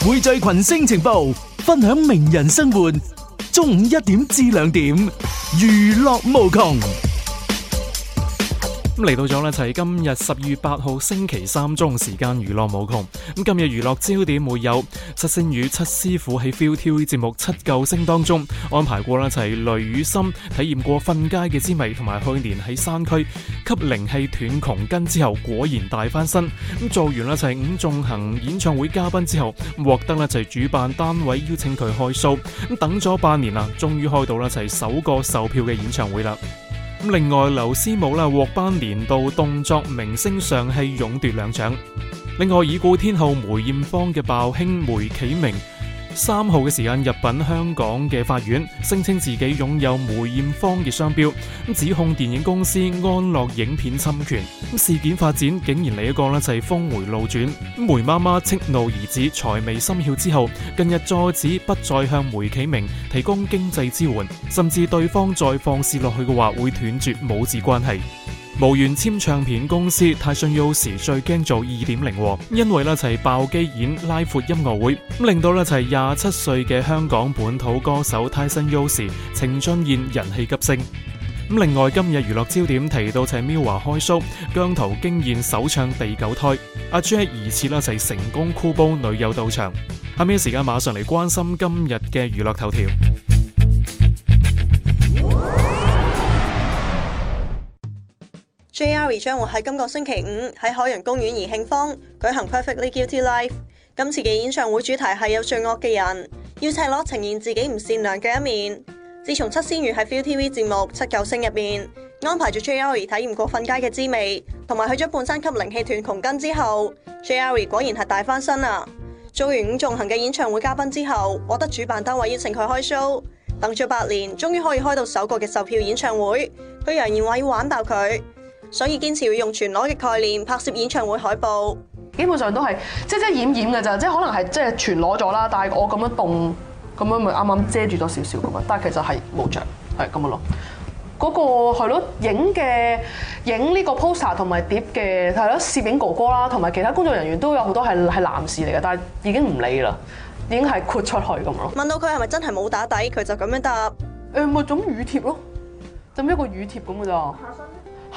匯聚群星情報，分享名人生活。中午一點至兩點，娛樂無窮。咁嚟到咗呢就係今日十二月八號星期三中時間，娛樂無窮。咁今日娛樂焦點會有七仙羽、七師傅喺《Feel TV》節目《七救星》當中安排過呢就係雷雨森體驗過瞓街嘅滋味，同埋去年喺山區吸靈氣斷窮根之後，果然大翻身。咁做完啦就係五眾行演唱會嘉賓之後，獲得呢就係主辦單位邀請佢開 show。咁等咗半年啦，終於開到啦，就係首個售票嘅演唱會啦。另外劉思慕啦獲頒年度動作明星尚氣勇奪兩獎，另外已故天后梅艷芳嘅胞兄梅啟明，三號嘅時間入稟香港嘅法院，聲稱自己擁有梅艷芳嘅商標，咁指控電影公司安樂影片侵權。事件發展竟然嚟，一個呢，就係峰回路轉，梅媽媽氣怒兒子財迷心竅之後，近日再指不再向梅啟明提供經濟支援，甚至對方再放肆落去嘅話，會斷絕母子關係。無緣簽唱片公司，泰森 U 時最驚做二點零，因為咧齊、就是、爆機演拉闊音樂會，咁令到咧齊廿七歲嘅香港本土歌手泰森 U 時，程俊彥人氣急升。咁另外今日娛樂焦點提到齊 MIRROR 開 show 姜濤驚豔首唱第九胎，阿 Jade 疑似咧齊成功箍煲女友到場。下邊嘅時間馬上嚟關心今日嘅娛樂頭條。Jarry 將會喺今個星期五喺海洋公園怡慶坊舉行《Perfectly Guilty Life》。今次嘅演唱會主題係有罪惡嘅人，要赤裸呈現自己唔善良嘅一面。自從七仙羽喺 ViuTV 節目《七九星》入面安排住 Jarry 體驗過瞓街嘅滋味，同埋去咗半山吸靈氣斷窮根之後 Jarry 果然係大翻身啦。做完伍仲衡嘅演唱會嘉賓之後，獲得主辦單位邀請佢開 show，等咗八年終於可以開到首個嘅售票演唱會，佢揚言話要玩爆佢。所以堅持要用全裸嘅概念拍攝演唱會海報，基本上都係遮遮掩掩嘅咋，即係可能係即係全裸咗啦。但係我咁樣凍咁樣，咪啱啱遮住多少少咁樣。但係其實係冇着，係咁樣咯。嗰個係咯，影嘅影呢個 poster 同埋碟嘅係咯攝影哥哥啦，同埋其他工作人員都有好多係係男士嚟嘅，但係已經唔理啦，已經係豁出去咁咯。問到佢係咪真係冇打底，佢就咁樣答：誒，咪種乳貼咯，就一個乳貼咁嘅咋？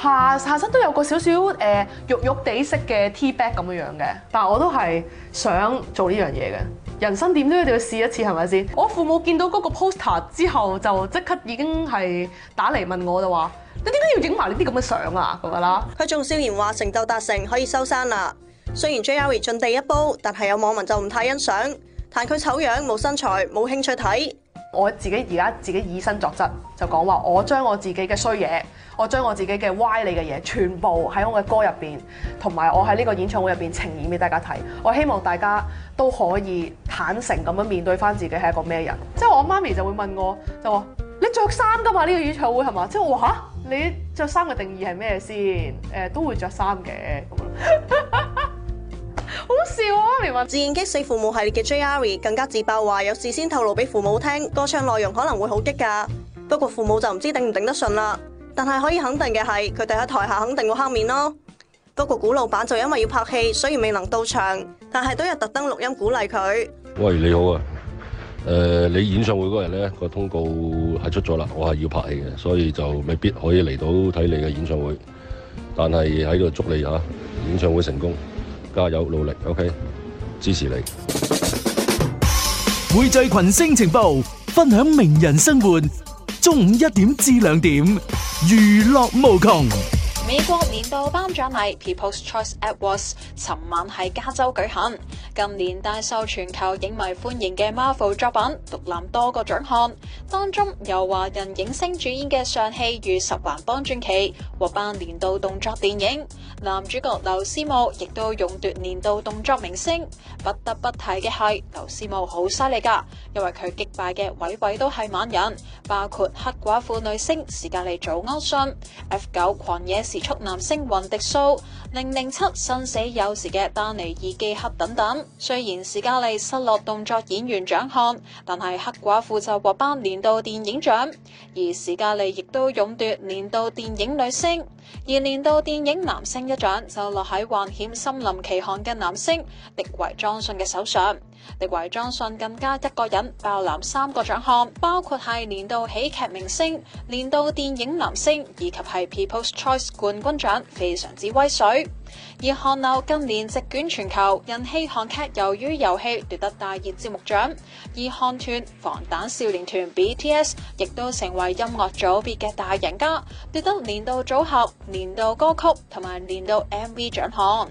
下下身都有一個少少誒肉肉哋色嘅 T back 咁樣樣嘅，但係我都係想做呢樣嘢嘅。人生點都要試一次係咪先？我父母見到嗰個 poster 之後就即刻已經係打嚟問我就話：你點解要影埋呢啲咁嘅相啊？咁啦，佢仲笑言話成就達成可以收山啦。雖然 j r r 進第一波，但係有網民就唔太欣賞，彈佢醜樣冇身材冇興趣睇。我自己而家自己以身作則，就講話。我將我自己嘅衰嘢，我將我自己嘅歪理嘅嘢，全部喺我嘅歌入邊，同埋我喺呢個演唱會入邊呈現俾大家睇。我希望大家都可以坦誠咁樣面對翻自己係一個咩人。即係 我媽咪就會問我，就話：「你着衫㗎嘛？呢個演唱會係嘛？即係、就是、我話、吓、你着衫嘅定義係咩先？誒、呃、都會着衫嘅咁。好笑啊！咪話自然激死父母系列嘅 JRE 更加自爆話有事先透露俾父母聽，歌唱內容可能會好激㗎。不過父母就唔知頂唔頂得順啦。但係可以肯定嘅係，佢哋喺台下肯定會黑面咯。不過古老闆就因為要拍戲，雖然未能到場，但係都有特登錄音鼓勵佢。喂，你好啊。呃，你演唱會嗰日咧個通告係出咗啦，我係要拍戲嘅，所以就未必可以嚟到睇你嘅演唱會。但係喺度祝你嚇，啊，演唱會成功。加油努力，OK？支持你！匯聚群星情報，分享名人生活。中午一點至兩點，娛樂無窮。美國年度頒獎禮 People's Choice Awards，尋晚喺加州舉行。近年大受全球影迷歡迎嘅 Marvel 作品，獨攬多個獎項，當中由華人影星主演嘅《上戲與十環幫傳奇》獲頒年度動作電影，男主角劉思慕亦都勇奪年度動作明星。不得不提嘅係劉思慕好犀利噶，因為佢擊敗嘅位位都係猛人，包括黑寡婦女星史嘉麗·祖安遜、F 九狂野時速男星雲迪蘇、零零七生死有時嘅丹尼爾·基克等等。雖然史嘉利失落動作演員獎項，但係黑寡婦就獲頒年度電影獎，而史嘉利亦都勇奪年度電影女星，而年度電影男星一獎就落喺《幻險森林奇航》嘅男星狄維莊信嘅手上。狄維莊信更加一個人包攬三個獎項，包括係年度喜劇明星、年度電影男星以及係 People's Choice 冠軍獎，非常之威水。而韓流近年席捲全球，人氣韓劇魷魚遊戲奪得大熱節目獎，而韓團防彈少年團 BTS 亦都成為音樂組別嘅大贏家，奪得年度組合、年度歌曲同埋年度 MV 獎項。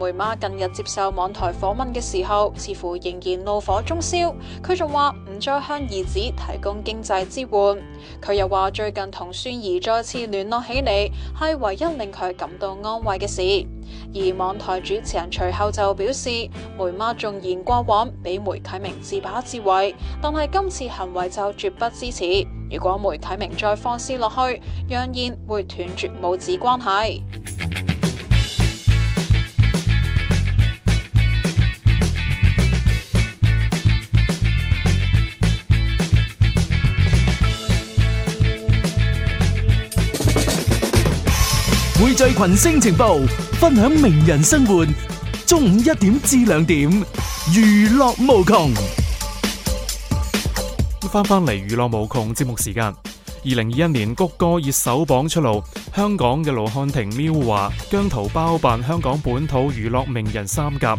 梅媽近日接受網台訪問嘅時候，似乎仍然怒火中燒。佢仲話唔再向兒子提供經濟支援。佢又話最近同孫兒再次聯絡起嚟，係唯一令佢感到安慰嘅事。而網台主持人隨後就表示，梅媽縱然過往，俾梅啟明自把自為，但係今次行為就絕不支持。如果梅啟明再放肆落去，揚言會斷絕母子關係。匯聚群星情報，分享名人生活。中午一點至兩點，娛樂無窮。翻翻嚟，娛樂無窮節目時間。二零二一年谷歌熱搜榜出爐，香港嘅盧瀚霆、喵華、姜濤包辦香港本土娛樂名人三甲。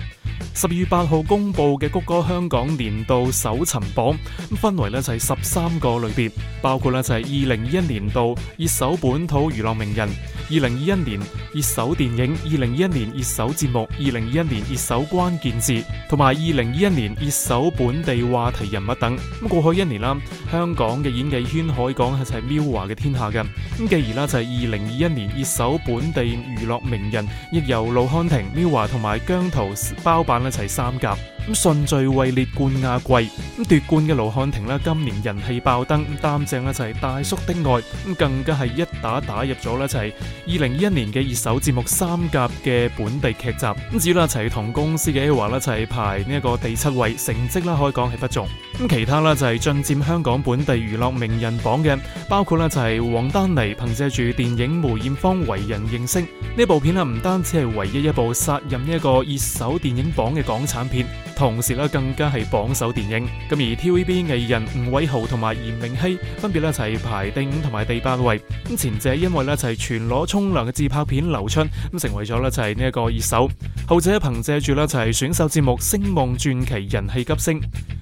十二月八號公布嘅谷歌香港年度搜尋榜，咁分為咧就係十三個類別，包括咧就係二零二一年度熱搜本土娛樂名人、二零二一年熱搜電影、二零二一年熱搜節目、二零二一年熱搜關鍵字，同埋二零二一年熱搜本地話題人物等。咁過去一年啦，香港嘅演藝圈可以講係就係 MIRROR 嘅天下嘅。咁繼而啦就係二零二一年熱搜本地娛樂名人，亦由盧瀚霆、MIRROR 同埋姜濤，包辦。一齊三甲。咁順序位列冠亞季，咁奪冠嘅盧瀚霆啦，今年人氣爆燈，擔正啦就係《大叔的愛》，咁更加係一打打入咗咧就係二零二一年嘅熱搜節目《三甲》嘅本地劇集。咁至於啦齊同公司嘅 Elva 啦，就係排呢一個第七位，成績呢可以講係不俗。咁其他呢就係進佔香港本地娛樂名人榜嘅，包括呢就係黃丹妮，憑借住電影《梅艷芳》為人認識，呢部片呢唔單止係唯一一部殺入呢一個熱搜電影榜嘅港產片。同時咧更加係榜首電影，咁而 TVB 藝人吳偉豪同埋嚴明熙分別咧齊排第五同埋第八位，咁前者因為咧齊全裸沖涼嘅自拍片流出，咁成為咗咧齊呢一個熱搜；後者憑藉住就齊選秀節目《聲夢傳奇》人氣急升，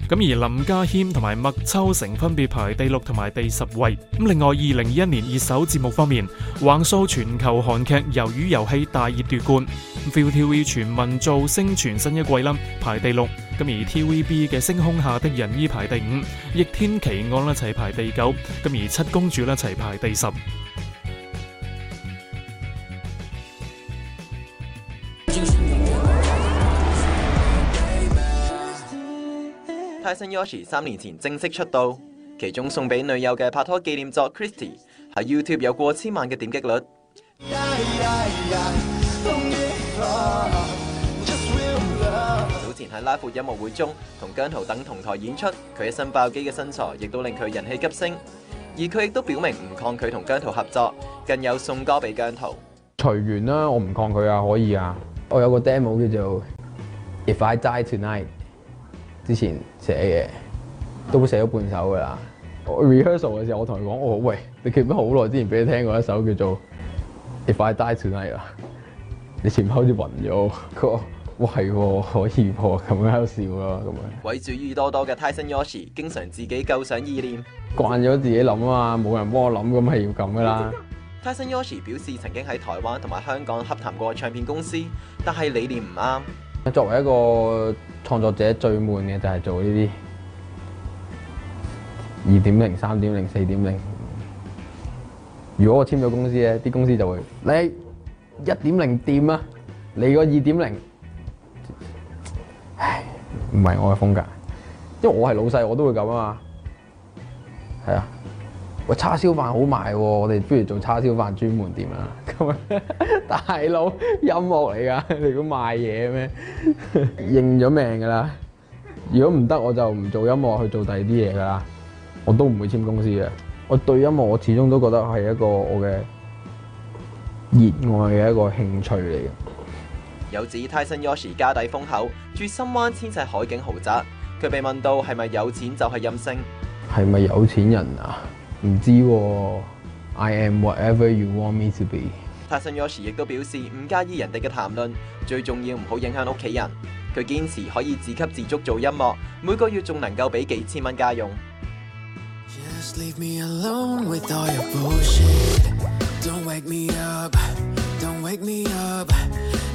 咁而林家謙同埋麥秋成分別排第六同埋第十位。咁另外二零二一年熱搜節目方面，《橫掃全球韓劇》《魷魚遊戲》大熱奪冠，《FeelTV 全民造星》全新一季啦排第六。咁而 TVB 嘅《星空下的人》依排第五，《逆天奇案》咧齊排第九，咁而《七公主》咧齊排第十。 Tyson Yoshi 三年前正式出道，其中送俾女友嘅拍拖紀念作 Christy 喺 YouTube 有過千萬嘅點擊率。 前喺拉闊音樂會中同姜濤等同台演出，佢一身爆肌嘅身材亦都令佢人氣急升，而佢亦都表明唔抗拒同姜濤合作，更有送歌俾姜濤。隨緣啦，我唔抗拒啊，可以啊。我有個 demo 叫做《If I Die Tonight》，之前寫嘅，都寫咗半首噶啦。我 rehearsal 嘅時候，我同佢講：哦喂，你記唔記得好耐之前俾你聽過一首叫做《If I Die Tonight》啊？你前後好似暈咗。哇，係可以喎，咁喺度笑咯，咁啊。鬼主意多多嘅 Tyson Yoshi，經常自己夠想意念，慣咗自己諗啊嘛，冇人幫我諗，咁係要咁噶啦。Tyson Yoshi 表示曾經喺台灣同埋香港洽談過唱片公司，但係理念唔啱。作為一個創作者，最悶嘅就係做呢啲二點零、三點零、四點零。如果我簽咗公司咧，啲公司就會你一點零掂啊，你個二點零。唔係我嘅風格，因為我係老細，我都會咁啊嘛。係啊，喂，叉燒飯好賣喎，我哋不如做叉燒飯專門店啦。咁啊，大佬，音樂嚟噶，你估賣嘢咩？認 咗命噶啦，如果唔得我就唔做音樂去做第二啲嘢噶啦。我都唔會簽公司嘅。我對音樂我始終都覺得係一個我嘅熱愛嘅一個興趣嚟。有指泰森 Yoshi 家底豐厚，住深灣千尺海景豪宅。佢被問到係咪有錢就係任性，係咪有錢人啊？唔知、啊。I am whatever you want me to be。泰森 Yoshi 亦都表示唔介意人哋嘅談論，最重要唔好影響屋企人。佢堅持可以自給自足做音樂，每個月仲能夠俾幾千蚊家用。Don't wake me up, don't wake me up.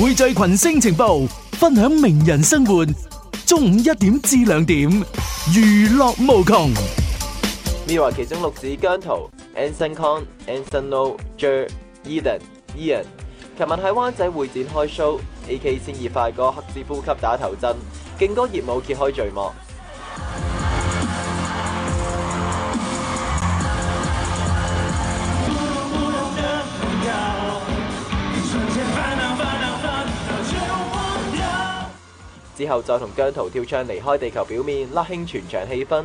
匯聚群星情報，分享名人生活。中午一點至兩點，娛樂無窮。Mirror 其中六子姜濤、Anson Kong、Anson Lo、Jer、Edan、Ian，琴日喺灣仔會展開 show，A K 先以快歌《黑之呼吸》打頭陣，勁歌熱舞揭開序幕。之後，再同姜濤跳窗離開地球表面，甩興全場氣氛。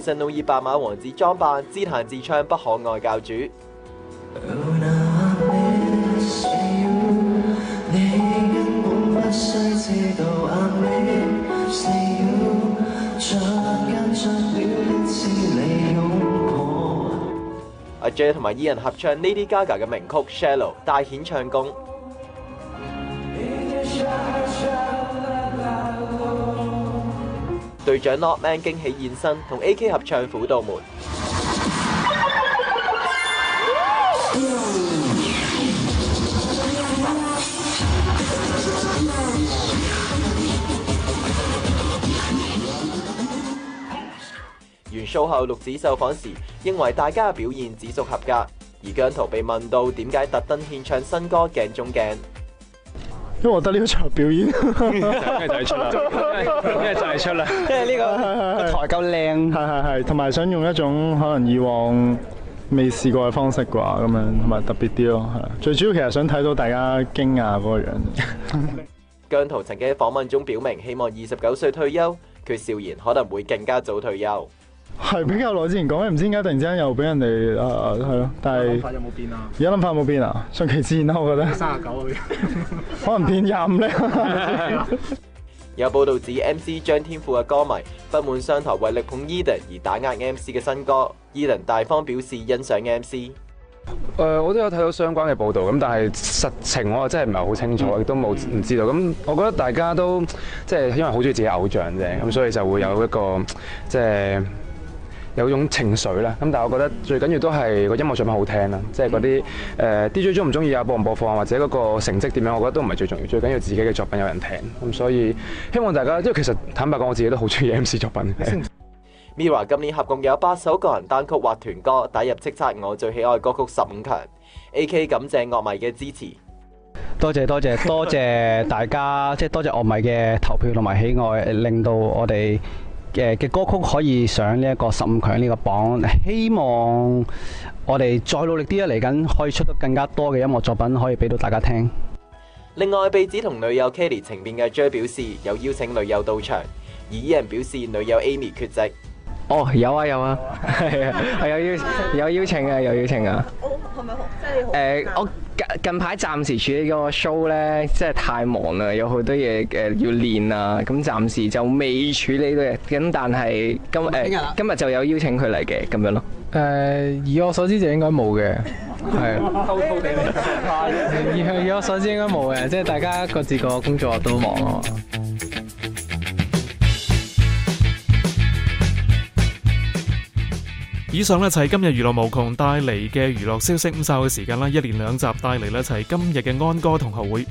身穿怒意白馬王子裝扮，自彈自唱不可愛教主。阿 J 同埋 Ian 合唱 Lady Gaga 嘅名曲《Shallow》，大顯唱功。隊長 Not Man 驚喜現身，同 AK 合唱《輔導門》。完 show 後，六子受訪時認為大家表現只屬合格，而姜濤被問到點解特登獻唱新歌《鏡中鏡》。因為我覺得呢個場表演，咩就係出啦，咩就係出啦，即係呢個台夠靚，係係係，同埋想用一種可能以往未試過嘅方式啩，咁樣同埋特別啲咯，係。最主要其實想睇到大家驚訝嗰個樣。姜濤曾經喺訪問中表明，希望二十九歲退休，佢笑言可能會更加早退休。係比較耐之前講，唔知點解突然之間又俾人哋誒係咯，但係而家諗法有冇變啊？而家諗法有冇變啊？順其自然咯，我覺得卅九，嗯、 可能變廿五咧。 有報道指 MC 張天賦嘅歌迷不滿商台為力捧 Eden 而打壓 MC 嘅新歌，Eden 大方表示欣賞 MC。誒、呃，我都有睇到相關嘅報道咁，但係實情我真係唔係好清楚，亦、嗯、都冇唔知道。咁我覺得大家都即係、就是、因為好中意自己偶像啫，咁、嗯、所以就會有一個即係。就是有種情緒啦，咁但係我覺得最緊要都係個音樂作品好聽啦，即係嗰啲誒 DJ 中唔中意啊，播唔播放啊，或者嗰個成績點樣，我覺得都唔係最重要，最緊要自己嘅作品有人聽。咁所以希望大家，因為其實坦白講，我自己都好中意 MC 作品。 Mira 今年合共有八首個人單曲或團歌打入叱咤我最喜愛的歌曲十五強，AK 感謝樂迷嘅支持。多謝多謝多謝大家，即 係多謝樂迷嘅投票同埋喜愛，令到我哋。誒嘅歌曲可以上呢一個十五強呢個榜，希望我哋再努力啲咧，嚟緊可以出得更加多嘅音樂作品，可以俾到大家聽。另外，被指同女友 Kelly 情變嘅 Jo 表示有邀請女友到場，而有人表示女友 Amy 缺席。哦、oh，啊，有啊 有啊，係啊，有邀有邀請啊，有邀請啊。我係咪即係誒？我近排暫時處理個 show 咧，即係太忙啦，有好多嘢誒要練啊，咁暫時就未處理到嘅。咁但係今誒、呃、今日就有邀請佢嚟嘅，咁樣咯。誒、uh，以我所知就應該冇嘅，係啊。偷偷地嚟嘅。以以我所知應該冇嘅，即係大家各自個工作都忙咯。以上咧就係今日娛樂無窮帶嚟嘅娛樂消息，午晝嘅時間啦，一連兩集帶嚟咧，就係今日嘅安哥同學會。